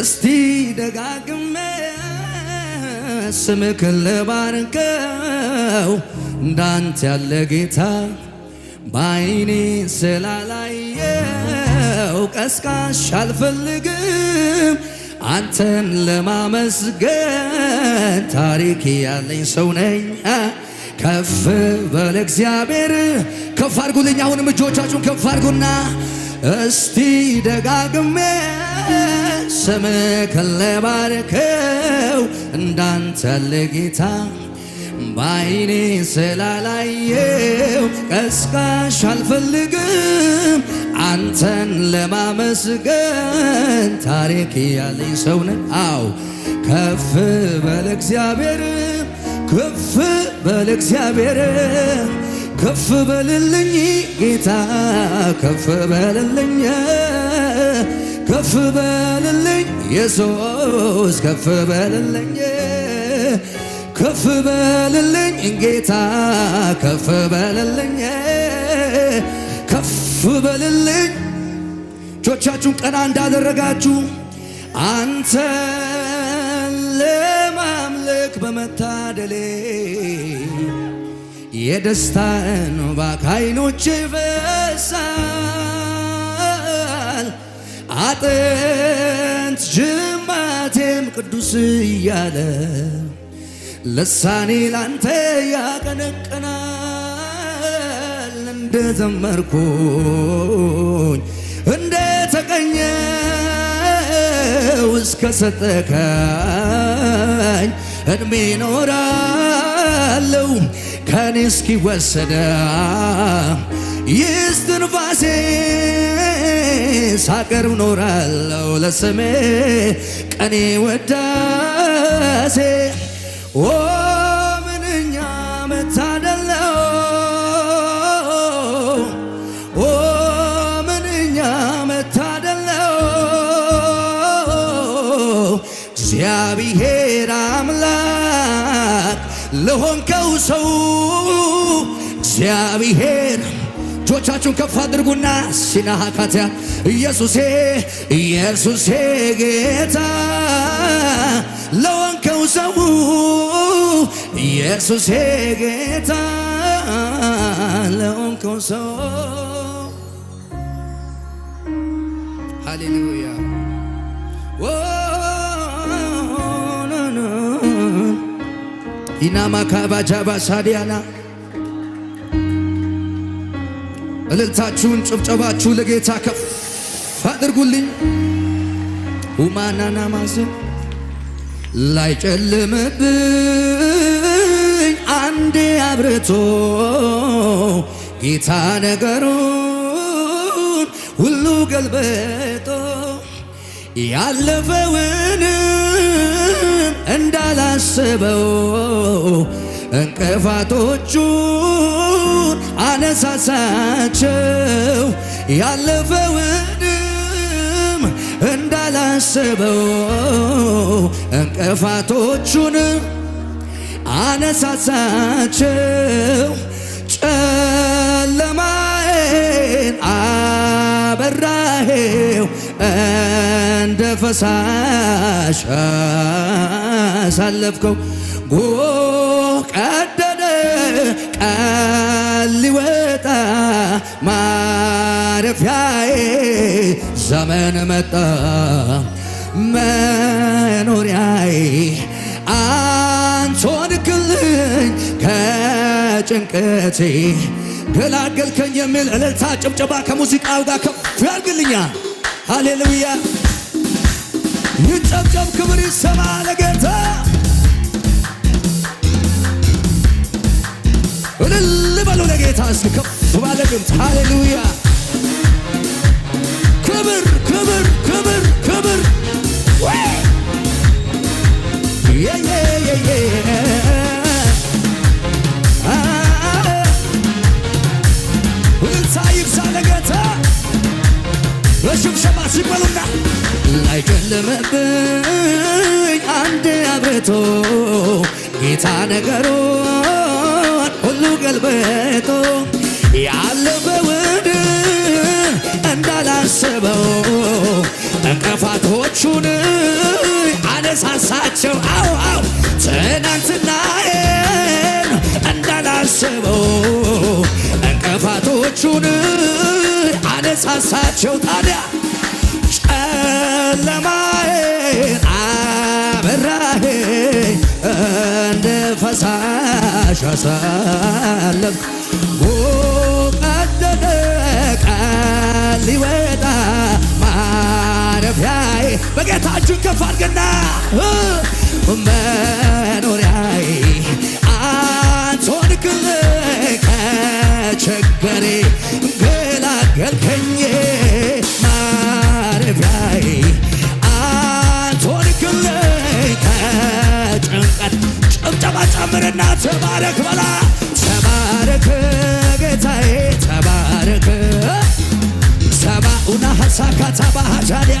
እስቲ ደጋግሜ ስምክ ልባርከው እንዳንተ ያለ ጌታ በዓይኔ ስላላየው ቀስቃሽ አልፈልግም አንተን ለማመስገን ታሪክ ያለኝ ሰው ነኝ። ከፍ በለ እግዚአብሔር ከፍ አድርጉልኝ። አሁንም እጆቻችሁን ከፍ አድርጉና እስቲ ደጋግሜ ስም ከለባርከው እንዳንተ ለጌታ በአይኔ ስላላየው ቀስቃሽ አልፈልግም አንተን ለማመስገን ታሪክ ያለኝ ሰውነ አው ከፍ በል እግዚአብሔር ከፍ በል እግዚአብሔር ከፍ በልልኝ ጌታ ከፍ በልልኝ ከፍ በልልኝ ኢየሱስ ከፍ በልልኝ ከፍ በልልኝ ጌታ ከፍ በልልኝ ከፍ በልልኝ እጆቻችሁን ቀና እንዳደረጋችሁ አንተ ለማምለክ በመታደሌ የደስታን ባካይኖቼ ፈሳ አጥንት ጅማቴም ቅዱስ እያለ ልሳኔ ላንተ ያቀነቅናል። እንደ ዘመርኩኝ እንደ ተቀኘው እስከ ሰጠከኝ እድሜ ኖራለው ከኔ እስኪወሰደ ይስትንፋሴ ሳቀርብ ኖራለው ለስሜ ቀኔ ወዳሴ ኦ ምንኛ መታደለው ኦ ምንኛ መታደለው እግዚአብሔር አምላክ ለሆንከው ሰው እግዚአብሔር እጆቻችሁን ከፍ አድርጉና ሲናሃ ኢየሱሴ ኢየሱሴ ጌታ ለወንከው ሰው ኢየሱሴ ጌታ ለወንከው ሰው ሃሌሉያ ኢናማ ካባጃባ ሳዲያና እልልታችሁን ጭብጨባችሁ ለጌታ ከፍ አድርጉልኝ። ሁማናና ማዘ ላይጨልምብኝ አንዴ አብርቶ ጌታ ነገሩን ሁሉ ገልበጦ ያለፈውን እንዳላስበው እንቅፋቶቹ እንዳነሳሳቸው ያለፈውንም እንዳላስበው እንቅፋቶቹንም አነሳሳቸው ጨለማዬን አበራሄው እንደ ፈሳሽ አሳለፍከው ጎ ቀደደ ማረፊያዬ ዘመን መጣ መኖሪያዬ አንቶን ክልኝ ከጭንቀቴ ገላገልከኝ የሚል እልልታ ጭብጨባ ከሙዚቃው ጋር ከፍ ያርግልኛል። ሃሌሉያ ይጨብጨብ፣ ክብር ይሰማ ለጌታ እልል ጌታ እስኪ ባለ ድምፅ ሃሌሉያ ክብር ክብር ክብር ክብር ይብሳ ይብሳ ለጌታ በሽብሸባ ሲበሉና ላይጨለመብኝ አንድ አብርቶ ጌታ ነገሮ ሌሎቹን አነሳሳቸው አው አው ትናንትናዬን እንዳላስበው እንቅፋቶቹን አነሳሳቸው ታዲያ ጨለማዬን አበራህ እንደ ፈሳሽ አሳለፍ ጎቀደደ ቃሊወ በጌታ እጁን ከፍ አድርግና መኖሪያዬ አንተ ሆንክልኝ ከችግሬ ገላገልከኝ ማረፊያዬ አንተ ሆንክልኝ ከጭንቀት ጭብጨባ ጨምርና ተባረክ በላ ተባረክ ጌታዬ ተባረክ ሰባኡና ሀሳካ ተባሃጃሊያ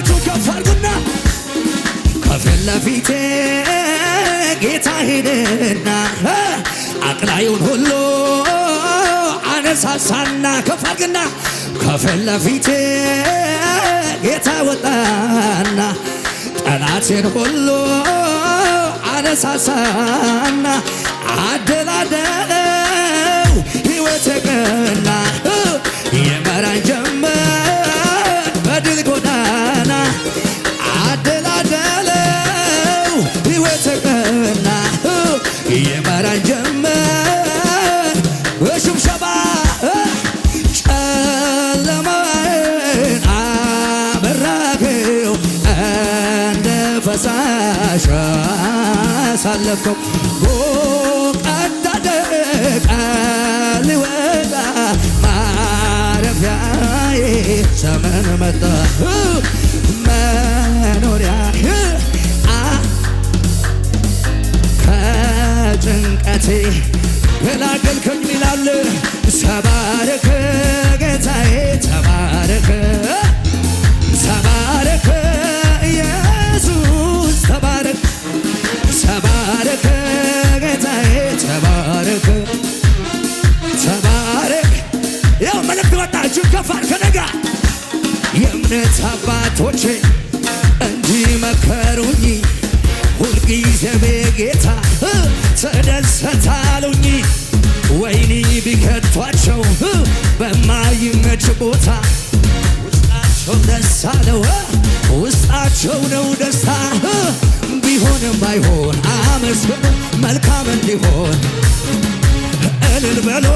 እጃችሁ ከፍ አድርጉና ከፊት ለፊቴ ጌታ ሄደና አቅላዩን ሁሉ አነሳሳና ከፍ አድርግና ከፊት ለፊቴ ጌታ ወጣና ጠላቴን ሁሉ አነሳሳና አደላደለው ሕይወት ቀና የመራን ጀም ይመራን ጀመር በሽብሸባ ጨለማን አበራከው እንደ ፈሳሽ አሳለፍከው ቦቀዳደቃ ልወጣ ማረፊያዬ ዘመን መጣ ከኃጢአቴ ገላገልከኝ ይላል። ተባረከ ጌታዬ ተባረከ ተባረከ ኢየሱስ ተባረከ ተባረከ ጌታዬ ተባረከ ያው መልእክት ከነጋ የእምነት አባቶቼ አልፏቸው በማይመች ቦታ ውስጣቸው ደስ አለው ውስጣቸው ነው ደስታ ቢሆንም ባይሆን አመስግኑ መልካም እንዲሆን እልል በሎ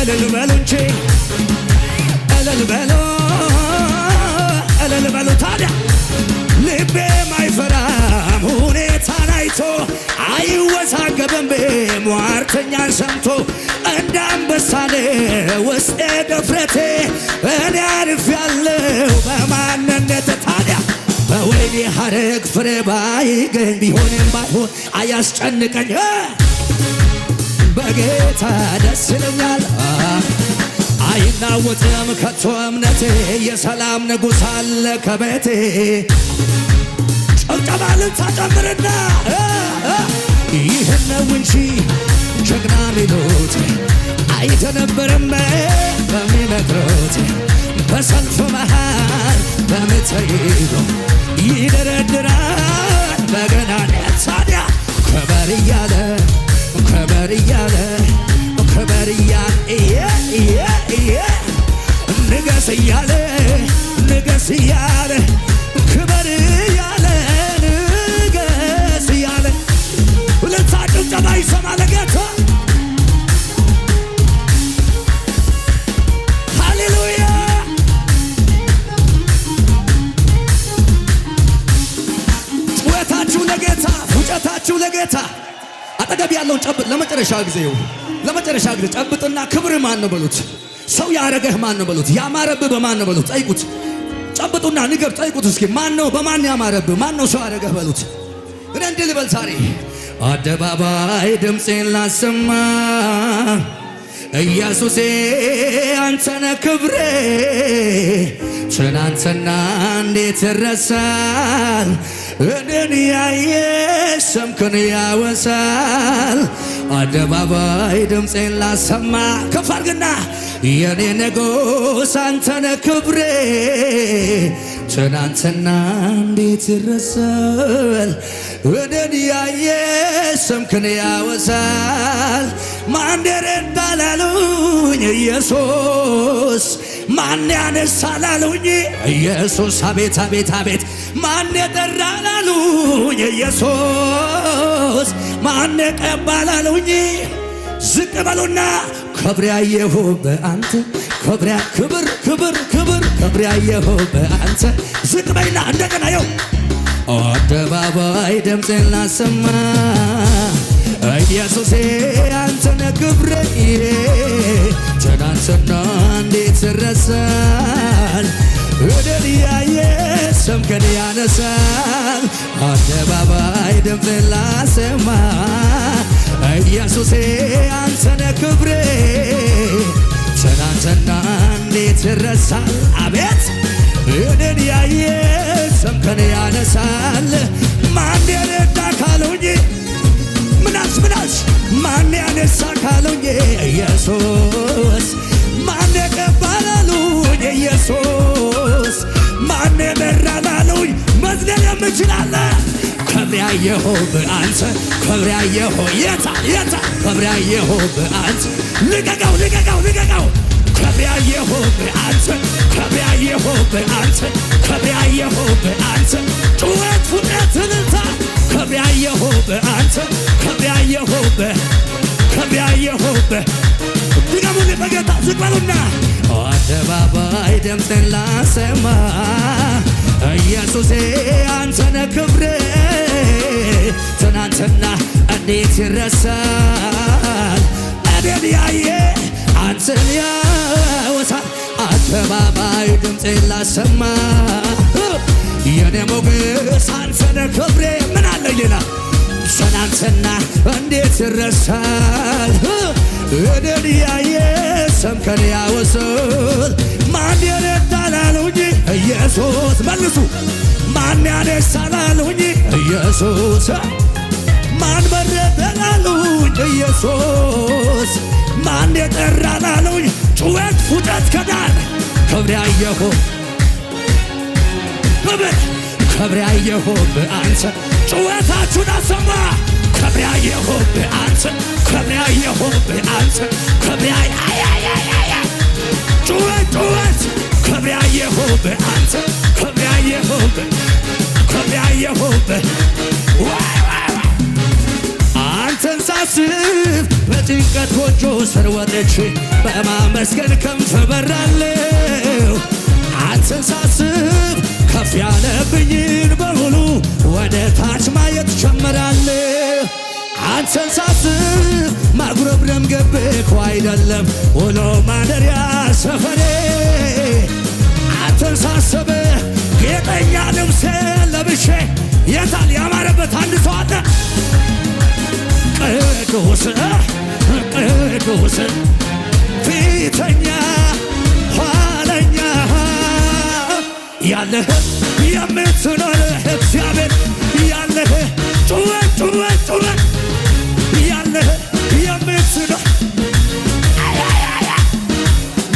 እልል በሉ እንጂ እልል በሎ ተወዛገበም ሟርተኛን ሰምቶ እንዳንበሳሌ አንበሳሌ ውስጤ ድፍረቴ እኔ ያለው በማንነት ታዲያ በወይኔ ሐረግ ፍሬ ባይገኝ ቢሆንም ባይሆን አያስጨንቀኝ በጌታ ደስ ይለኛል አይናወጥም ከቶ እምነቴ የሰላም ንጉሥ አለ ከቤቴ ጨብጨባልን ታጨምርና ነው እንጂ ጀግና ሊሉት አይተነበረም በሚነግሮት በሰልፍ መሃል በምትይሉ ይደረድራል በገና ታዲያ ከበር እያለ ከበር እያለ ከበር እያለ ንገስ እያለ ንገስ እያለ ክበር እያለ ጭብጨባ ይሰማ ለጌታ ሃሌሉያ። ጩኸታችሁ ለጌታ ፉጨታችሁ ለጌታ አጠገብ ያለውን ጨብጥ። ለመጨረሻ ጊዜ ይሁን ለመጨረሻ ጊዜ ጨብጥና ክብር ማን ነው በሉት። ሰው ያረገህ ማን ነው በሉት። ያማረብህ በማን ነው በሉት። ጠይቁት። ጨብጡና ንገር ጠይቁት። እስኪ ማን ነው በማን ያማረብህ? ማን ነው ሰው ያረገህ በሉት። እኔ እንዲህ ልበል ዛሬ አደባባይ ድምፄን ላሰማ ኢየሱሴ አንተነ ክብሬ ትናንትና እንዴት ረሳል? እድን ያየ ስምክን ያወሳል። አደባባይ ድምፄን ላሰማ ከፍ አድርግና የኔ ንጉሥ አንተነ ክብሬ ትናንትና እንዴት ይረሳል? እኔን ያየ ስምክን ያወሳል። ማንደረን ባላሉኝ ኢየሱስ ማን ያነሳላሉኝ ኢየሱስ አቤት አቤት አቤት ማን የጠራላሉኝ ኢየሱስ ማን ቀባላሉኝ ዝቅ በሉና ክብር ያየሁ በአንተ ክብር ክብር ክብር ክብር ክብር ያየሁ በአንተ ዝቅ በይና እንደገና የው አደባባይ ድምፄን ላሰማ ኢየሱሴ አንተነ ክብሬ ትናንትና እንዴት ረሳል ወደር ያየ ሰምከን ያነሳል አደባባይ ድምፄን ላሰማ ኢየሱሴ አንተነ ክብሬ ትናንትና እንዴት አቤት እኔን ያየ ያነሳል ክብራየሆ በአንተ ክብራየሆ የታ የታ ክብራየሆ በአንተ ልቀቀው ልቀቀው ልቀቀው ክብራየሆ በአንተ ክብራየሆ በአንተ ክብራየሆ በአንተ ጩኸት ውጠት እልልታ ክብራየሆ በአንተ ክብራየሆ በ ክብራየሆ በ ድገሙን በጌታ ዝቅ በሉና አደባባይ ደምፅን ላሰማ ኢየሱሴ አንተነ ክብሬ ትናንትና እንዴት ይረሳል? እኔን ያየ አንተን ያወሳል። አደባባይ ድምፄ ላሰማ የኔ ሞገስ አንተነ ክብሬ ምን አለ ሌላ ትናንትና እንዴት ይረሳል? እኔን ያየ ሰምከን ያወሰል ማን የረዳላሉ ኢየሱስ መልሱ ማን ያነሳላሉኝ ኢየሱስ ማን መረጠላሉኝ ኢየሱስ ማን የጠራላሉኝ ጩኸት ፉጠት ከዳር ክብሪያየሆ በበት ክብሪያየሆ በአንተ ጩኸታችሁን አሰማ ክብሪያየሆ በአንተ ክብሪያየሆ በአንተ ክብሪያ ጩኸት ጩኸት ክብር ያየሁብህ አንተ ክብር ያየሁብህ ክብር ያየሁብህ አንተን ሳስብ በጭንቀት ጎጆ ስር ወጥቼ በማመስገን ክንፍ በራለሁ አንተን ሳስብ ከፍ ያለብኝን በሙሉ ወደ ታች ማየት ጀምራለሁ አንተን ሳስብ ማጉረምረም ገብ አይደለም ውሎ ማደሪያ ሰፈሬ ተንሳሰበ ጌጠኛ ልብስ ለብሼ የታል ያማረበት አንድ ሰው አለ። ቅዱስ ቅዱስ ፊተኛ ኋለኛ ያለህ የምትኖር እግዚአብሔር ያለህ ጩኸት ጩኸት ጩኸት ያለህ የምትኖር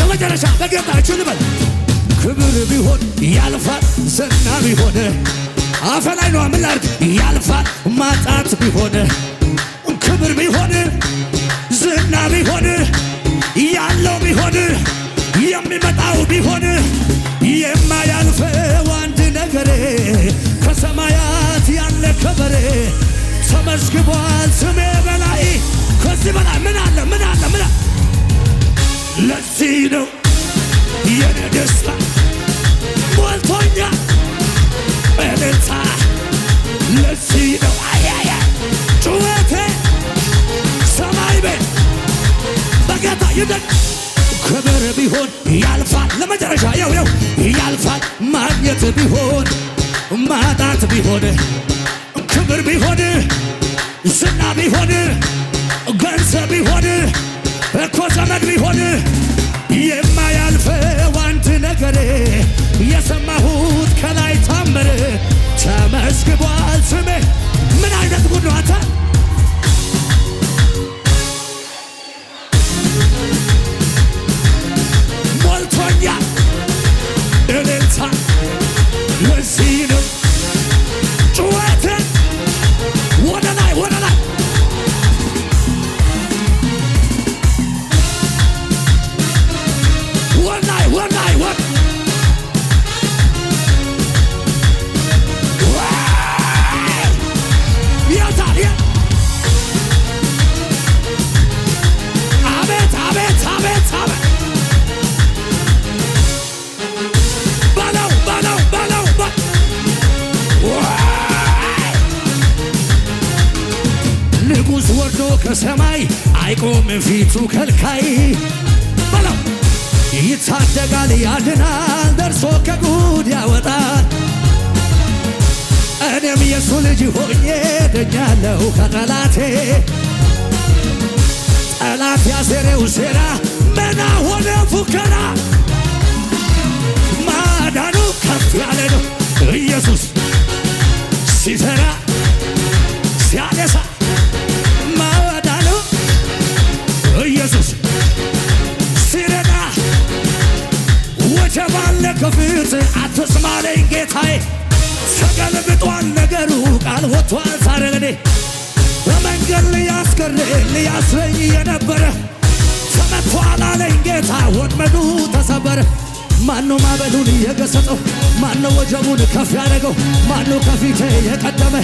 ለመጨረሻ በጌታ ችልበል ክብር ቢሆን ያልፋል ዝና ቢሆን አፈላይ ነው ምላርግ ያልፋል ማጣት ቢሆን ክብር ቢሆን ዝና ቢሆን ያለው ቢሆን የሚመጣው ቢሆን የማያልፈው አንድ ነገር ከሰማያት ያለ ከበሬ ተመዝግቧል ስሜ በላይ ከዚህ በላይ ምን አለ ምን አለ ምን ለዚህ ነው የኔ ደስታ ጠልቶኛ ሰማይ ቤት በጌታ ክብር ቢሆን ያልፋል። ለመጨረሻ ያው ያው ያልፋል። ማግኘት ቢሆን ማጣት ቢሆን ክብር ቢሆን ዝና ቢሆን ገንዘብ ቢሆን እኮ ዘመድ ቢሆን የማያልፈው አንድ ነገር የሰማ Somebody አለው ከጠላቴ ጠላት ያሴሬው ሴራ መና ሆነ ፉከራ ማዳኑ ከፍ ያለ ነው። ኢየሱስ ሲፈራ ሲያነሳ ማዳኑ ኢየሱስ ሲረዳ ወጀባለ ከፍት አትስማለኝ ጌታዬ ወጥቷል ነገሩ ቃል ወጥቷል ዛሬ በመንገድ ሊያስገር ሊያስረኝ የነበረ ተመቷል አለኝ ጌታ ወጥመዱ ተሰበረ። ማነው ማበሉን እየገሰጠው ማነው ወጀቡን ከፍ ያደረገው? ማነው ከፊቴ የቀደመ?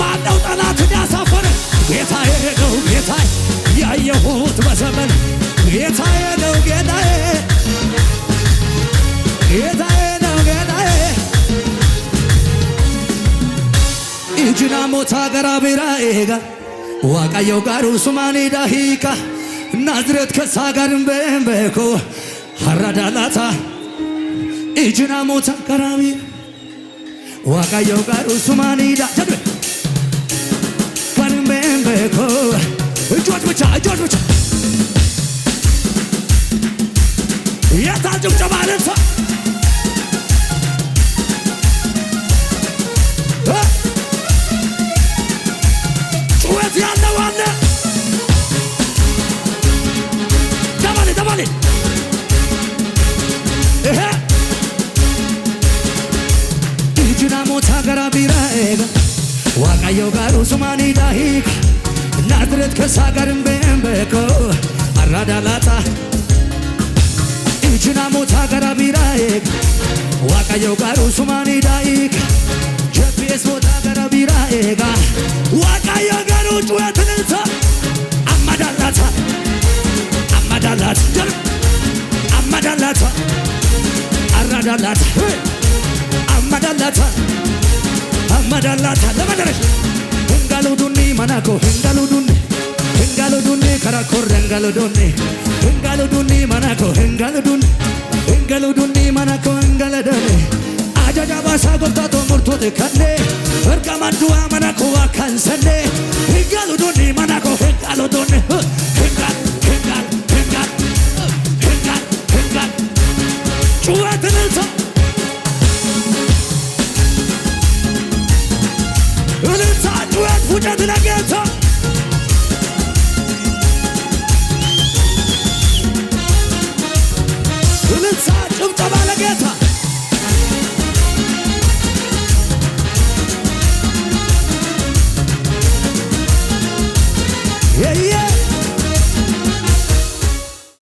ማነው ጠላትን ያሳፈረ? ጌታዬ ነው ጌታዬ ያየሁት በዘመን ጌታዬ ነው ጌታዬ ጌታዬ ጅጅና ሞታ ገራ ቤራ ኤጋ ዋቃየው ጋሩ ሱማኔ ዳሂካ ናዝሬት ከሳ ጋርን በንበኮ ሀራዳላታ ኢጅና ሞታ ገራ ቤራ ዋቃየው ጋሩ ሱማኔ ዳ ጀብ ጋርን Waaqayyo garuu sumaan hidhaa'iika GPS boodaa gara biraa eega Waaqayyo garuu cu'a tilinsa amma dallaata amma dallaata darba amma dallaata arra dallaata amma dallaata amma dallaata lama daraja hingalu dunni mana koo hingalu dunni hingalu dunni karaa korra hingalu dunni hingalu dunni mana koo hingalu dunni. ವಂಗಲು ದುನ್ನಿ ಮನಕ ವಂಗಲದಲ್ಲಿ ಅಜಜ ಬಾಸ ಗೊತ್ತಾತೋ ಮುರ್ತೋದೆ ಕನ್ನೆ ವರ್ಗ ಮಂಡುವ ಮನಕುವ ಕನ್ಸನ್